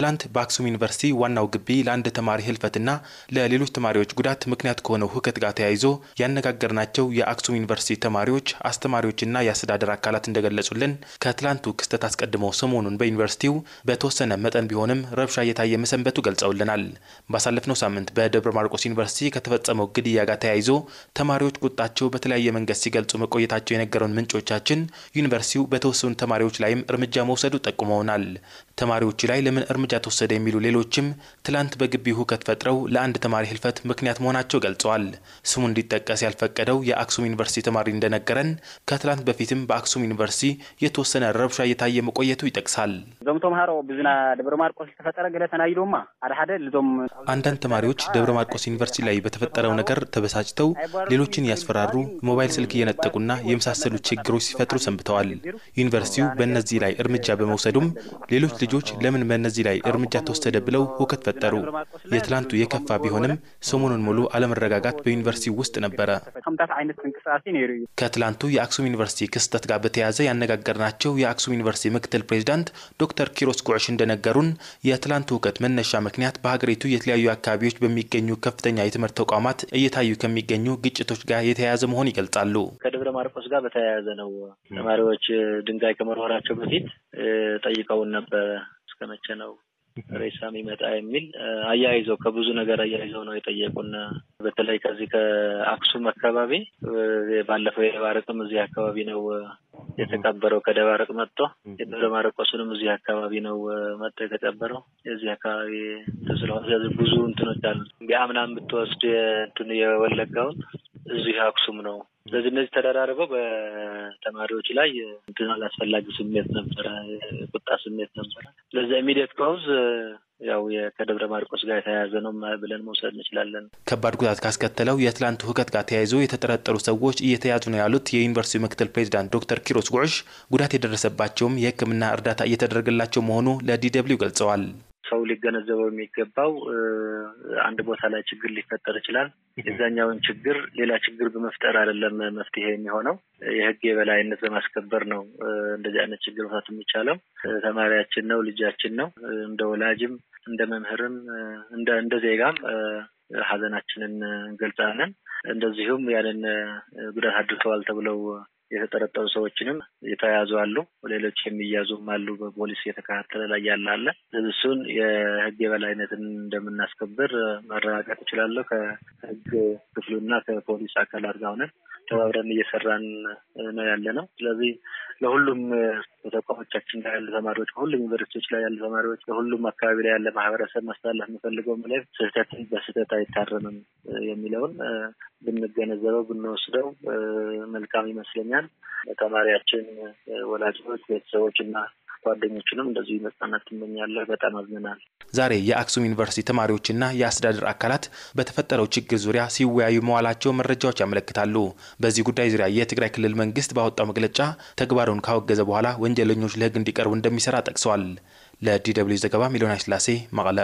ትላንት በአክሱም ዩኒቨርሲቲ ዋናው ግቢ ለአንድ ተማሪ ህልፈትና ለሌሎች ተማሪዎች ጉዳት ምክንያት ከሆነው ሁከት ጋር ተያይዞ ያነጋገርናቸው የአክሱም ዩኒቨርሲቲ ተማሪዎች፣ አስተማሪዎችና የአስተዳደር አካላት እንደገለጹልን ከትላንቱ ክስተት አስቀድሞ ሰሞኑን በዩኒቨርሲቲው በተወሰነ መጠን ቢሆንም ረብሻ እየታየ መሰንበቱ ገልጸውልናል። ባሳለፍነው ሳምንት በደብረ ማርቆስ ዩኒቨርሲቲ ከተፈጸመው ግድያ ጋር ተያይዞ ተማሪዎች ቁጣቸው በተለያየ መንገድ ሲገልጹ መቆየታቸው የነገረውን ምንጮቻችን ዩኒቨርሲቲው በተወሰኑ ተማሪዎች ላይም እርምጃ መውሰዱ ጠቁመውናል። ተማሪዎቹ ላይ ለምን እርምጃ እርምጃ ተወሰደ የሚሉ ሌሎችም ትላንት በግቢ ሁከት ፈጥረው ለአንድ ተማሪ ህልፈት ምክንያት መሆናቸው ገልጸዋል። ስሙ እንዲጠቀስ ያልፈቀደው የአክሱም ዩኒቨርሲቲ ተማሪ እንደነገረን ከትላንት በፊትም በአክሱም ዩኒቨርሲቲ የተወሰነ ረብሻ እየታየ መቆየቱ ይጠቅሳል። እዞም ተምሃሮ ብዝና ደብረ ማርቆስ ተፈጠረ ገለ ተናይዶማ አደሓደ ልዞም አንዳንድ ተማሪዎች ደብረ ማርቆስ ዩኒቨርሲቲ ላይ በተፈጠረው ነገር ተበሳጭተው ሌሎችን እያስፈራሩ ሞባይል ስልክ እየነጠቁና የመሳሰሉ ችግሮች ሲፈጥሩ ሰንብተዋል። ዩኒቨርሲቲው በእነዚህ ላይ እርምጃ በመውሰዱም ሌሎች ልጆች ለምን በእነዚህ ላይ እርምጃ ተወሰደ ብለው ሁከት ፈጠሩ። የትላንቱ የከፋ ቢሆንም ሰሞኑን ሙሉ አለመረጋጋት በዩኒቨርሲቲ ውስጥ ነበረ። ከትላንቱ የአክሱም ዩኒቨርሲቲ ክስተት ጋር በተያያዘ ያነጋገርናቸው የአክሱም ዩኒቨርሲቲ ምክትል ፕሬዚዳንት ዶክተር ኪሮስ ጉዕሽ እንደነገሩን የትላንቱ ሁከት መነሻ ምክንያት በሀገሪቱ የተለያዩ አካባቢዎች በሚገኙ ከፍተኛ የትምህርት ተቋማት እየታዩ ከሚገኙ ግጭቶች ጋር የተያያዘ መሆን ይገልጻሉ። ከደብረ ማርቆስ ጋር በተያያዘ ነው። ተማሪዎች ድንጋይ ከመወርወራቸው በፊት ጠይቀውን ነበረ እስከ መቼ ነው ሬሳ የሚመጣ የሚል አያይዘው ከብዙ ነገር አያይዘው ነው የጠየቁን። በተለይ ከዚህ ከአክሱም አካባቢ ባለፈው የደባረቅም እዚህ አካባቢ ነው የተቀበረው። ከደባረቅ መጥቶ የደብረ ማርቆስንም እዚህ አካባቢ ነው መጥቶ የተቀበረው። የዚህ አካባቢ ስለሆነ ብዙ እንትኖች አሉ። የአምናን ብትወስድ የወለጋውን እዚህ አክሱም ነው ስለዚህ እነዚህ ተደራርበው በተማሪዎች ላይ እንትን አላስፈላጊ ስሜት ነበረ፣ ቁጣ ስሜት ነበረ። ስለዚህ ኢሚዲየት ኮዝ ያው ከደብረ ማርቆስ ጋር የተያያዘ ነው ብለን መውሰድ እንችላለን። ከባድ ጉዳት ካስከተለው የትላንቱ ሁከት ጋር ተያይዞ የተጠረጠሩ ሰዎች እየተያዙ ነው ያሉት የዩኒቨርሲቲው ምክትል ፕሬዚዳንት ዶክተር ኪሮስ ጉዕሽ ጉዳት የደረሰባቸውም የሕክምና እርዳታ እየተደረገላቸው መሆኑ ለዲ ገልጸዋል። ሰው ሊገነዘበው የሚገባው አንድ ቦታ ላይ ችግር ሊፈጠር ይችላል። የዛኛውን ችግር ሌላ ችግር በመፍጠር አይደለም መፍትሄ የሚሆነው። የህግ የበላይነት በማስከበር ነው እንደዚህ አይነት ችግር መፍታት የሚቻለው። ተማሪያችን ነው፣ ልጃችን ነው። እንደ ወላጅም እንደ መምህርም እንደ ዜጋም ሀዘናችንን እንገልጻለን። እንደዚሁም ያንን ጉዳት አድርሰዋል ተብለው የተጠረጠሩ ሰዎችንም የተያዙ አሉ፣ ሌሎች የሚያዙም አሉ። በፖሊስ የተከታተለ ላይ ያለ አለ። እሱን የህግ የበላይነትን እንደምናስከብር መረጋገጥ እችላለሁ። ከህግ ክፍሉና ከፖሊስ አካላት ጋር ሆነን ተባብረን እየሰራን ነው ያለ ነው። ስለዚህ ለሁሉም በተቋሞቻችን ላይ ያሉ ተማሪዎች፣ በሁሉም ዩኒቨርሲቲዎች ላይ ያሉ ተማሪዎች፣ ለሁሉም አካባቢ ላይ ያለ ማህበረሰብ ማስተላለፍ የምፈልገው መልዕክት ስህተትን በስህተት አይታረምም የሚለውን ብንገነዘበው ብንወስደው መልካም ይመስለኛል። ለተማሪያችን ወላጆች፣ ቤተሰቦች እና ጓደኞችንም እንደዚሁ መጽናናት ትመኛለህ። በጣም አዝነናል። ዛሬ የአክሱም ዩኒቨርሲቲ ተማሪዎችና የአስተዳደር አካላት በተፈጠረው ችግር ዙሪያ ሲወያዩ መዋላቸው መረጃዎች ያመለክታሉ። በዚህ ጉዳይ ዙሪያ የትግራይ ክልል መንግስት ባወጣው መግለጫ ተግባሩን ካወገዘ በኋላ ወንጀለኞች ለህግ እንዲቀርቡ እንደሚሰራ ጠቅሰዋል። ለዲ ደብልዩ ዘገባ ሚሊዮን ስላሴ መቀለ